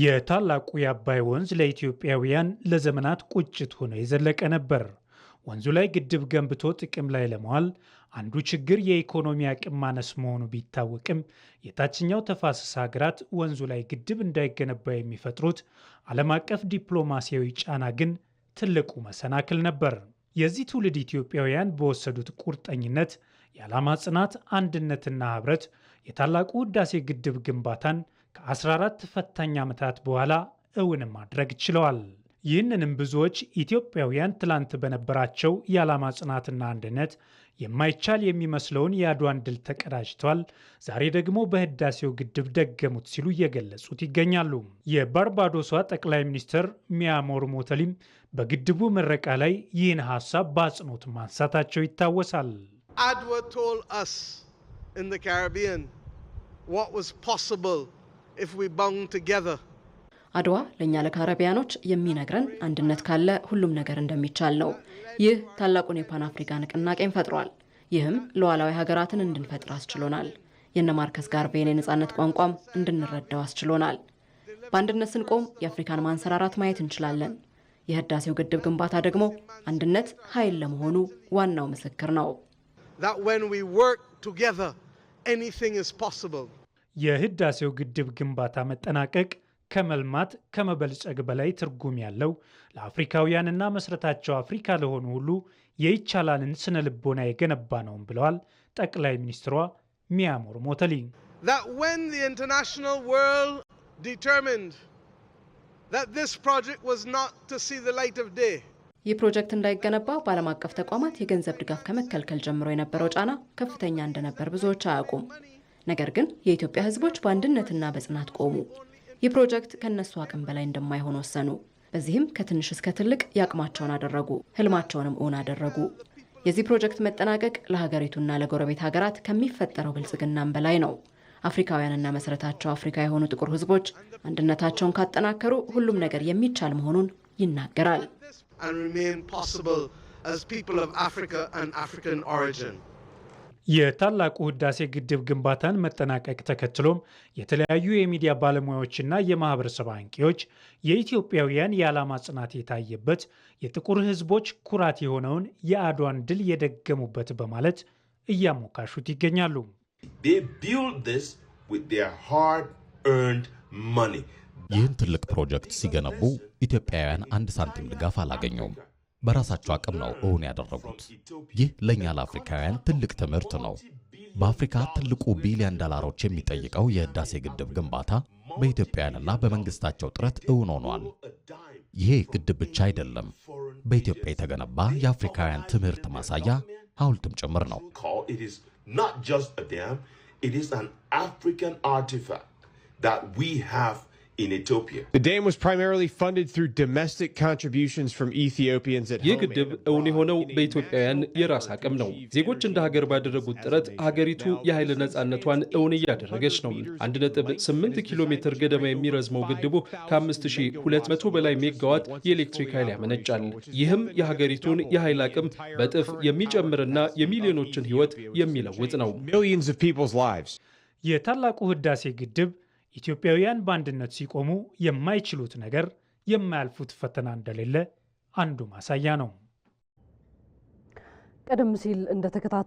የታላቁ የአባይ ወንዝ ለኢትዮጵያውያን ለዘመናት ቁጭት ሆኖ የዘለቀ ነበር። ወንዙ ላይ ግድብ ገንብቶ ጥቅም ላይ ለመዋል አንዱ ችግር የኢኮኖሚ አቅም ማነስ መሆኑ ቢታወቅም የታችኛው ተፋሰስ ሀገራት ወንዙ ላይ ግድብ እንዳይገነባ የሚፈጥሩት ዓለም አቀፍ ዲፕሎማሲያዊ ጫና ግን ትልቁ መሰናክል ነበር። የዚህ ትውልድ ኢትዮጵያውያን በወሰዱት ቁርጠኝነት፣ የዓላማ ጽናት፣ አንድነትና ኅብረት የታላቁ ሕዳሴ ግድብ ግንባታን ከ14 ፈታኝ ዓመታት በኋላ እውን ማድረግ ችለዋል። ይህንንም ብዙዎች ኢትዮጵያውያን ትላንት በነበራቸው የዓላማ ጽናትና አንድነት የማይቻል የሚመስለውን የአድዋን ድል ተቀዳጅቷል፣ ዛሬ ደግሞ በህዳሴው ግድብ ደገሙት ሲሉ እየገለጹት ይገኛሉ። የባርባዶሷ ጠቅላይ ሚኒስትር ሚያ ሞተሊም በግድቡ ምረቃ ላይ ይህን ሀሳብ በአጽንኦት ማንሳታቸው ይታወሳል። አድዋ ቶል አስ ኢን ዘ ካሪቢያን ዋት ዋዝ አድዋ ለእኛ ለካረቢያኖች የሚነግረን አንድነት ካለ ሁሉም ነገር እንደሚቻል ነው። ይህ ታላቁን የፓን አፍሪካ ንቅናቄን ፈጥሯል። ይህም ሉዓላዊ ሀገራትን እንድንፈጥር አስችሎናል። የነ ማርከስ ጋርቬን የነፃነት ቋንቋም እንድንረዳው አስችሎናል። በአንድነት ስንቆም የአፍሪካን ማንሰራራት ማየት እንችላለን። የህዳሴው ግድብ ግንባታ ደግሞ አንድነት ኃይል ለመሆኑ ዋናው ምስክር ነው። የህዳሴው ግድብ ግንባታ መጠናቀቅ ከመልማት ከመበልጸግ በላይ ትርጉም ያለው ለአፍሪካውያንና መሰረታቸው አፍሪካ ለሆኑ ሁሉ የይቻላልን ስነ ልቦና የገነባ ነውም ብለዋል ጠቅላይ ሚኒስትሯ ሚያሞር ሞተሊ። ይህ ፕሮጀክት እንዳይገነባ በዓለም አቀፍ ተቋማት የገንዘብ ድጋፍ ከመከልከል ጀምሮ የነበረው ጫና ከፍተኛ እንደነበር ብዙዎች አያውቁም። ነገር ግን የኢትዮጵያ ህዝቦች በአንድነትና በጽናት ቆሙ። ይህ ፕሮጀክት ከእነሱ አቅም በላይ እንደማይሆን ወሰኑ። በዚህም ከትንሽ እስከ ትልቅ የአቅማቸውን አደረጉ፣ ህልማቸውንም እውን አደረጉ። የዚህ ፕሮጀክት መጠናቀቅ ለሀገሪቱና ለጎረቤት ሀገራት ከሚፈጠረው ብልጽግናም በላይ ነው። አፍሪካውያንና መሰረታቸው አፍሪካ የሆኑ ጥቁር ህዝቦች አንድነታቸውን ካጠናከሩ ሁሉም ነገር የሚቻል መሆኑን ይናገራል። የታላቁ ህዳሴ ግድብ ግንባታን መጠናቀቅ ተከትሎም የተለያዩ የሚዲያ ባለሙያዎችና የማህበረሰብ አንቂዎች የኢትዮጵያውያን የዓላማ ጽናት የታየበት የጥቁር ህዝቦች ኩራት የሆነውን የአድዋን ድል የደገሙበት በማለት እያሞካሹት ይገኛሉ። ይህን ትልቅ ፕሮጀክት ሲገነቡ ኢትዮጵያውያን አንድ ሳንቲም ድጋፍ አላገኘውም። በራሳቸው አቅም ነው እውን ያደረጉት። ይህ ለእኛ ለአፍሪካውያን ትልቅ ትምህርት ነው። በአፍሪካ ትልቁ ቢሊዮን ዶላሮች የሚጠይቀው የህዳሴ ግድብ ግንባታ በኢትዮጵያውያንና በመንግስታቸው ጥረት እውን ሆኗል። ይሄ ግድብ ብቻ አይደለም፣ በኢትዮጵያ የተገነባ የአፍሪካውያን ትምህርት ማሳያ ሐውልትም ጭምር ነው። in Ethiopia. The was primarily funded through domestic contributions from Ethiopians at ይህ ግድብ እውን የሆነው በኢትዮጵያውያን የራስ አቅም ነው። ዜጎች እንደ ሀገር ባደረጉት ጥረት ሀገሪቱ የኃይል ነፃነቷን እውን እያደረገች ነው። 1.8 ኪሎ ሜትር ገደማ የሚረዝመው ግድቡ ከ5200 በላይ ሜጋዋት የኤሌክትሪክ ኃይል ያመነጫል። ይህም የሀገሪቱን የኃይል አቅም በጥፍ የሚጨምርና የሚሊዮኖችን ሕይወት የሚለውጥ ነው። የታላቁ ህዳሴ ግድብ ኢትዮጵያውያን በአንድነት ሲቆሙ የማይችሉት ነገር የማያልፉት ፈተና እንደሌለ አንዱ ማሳያ ነው። ቀደም ሲል እንደተከታተል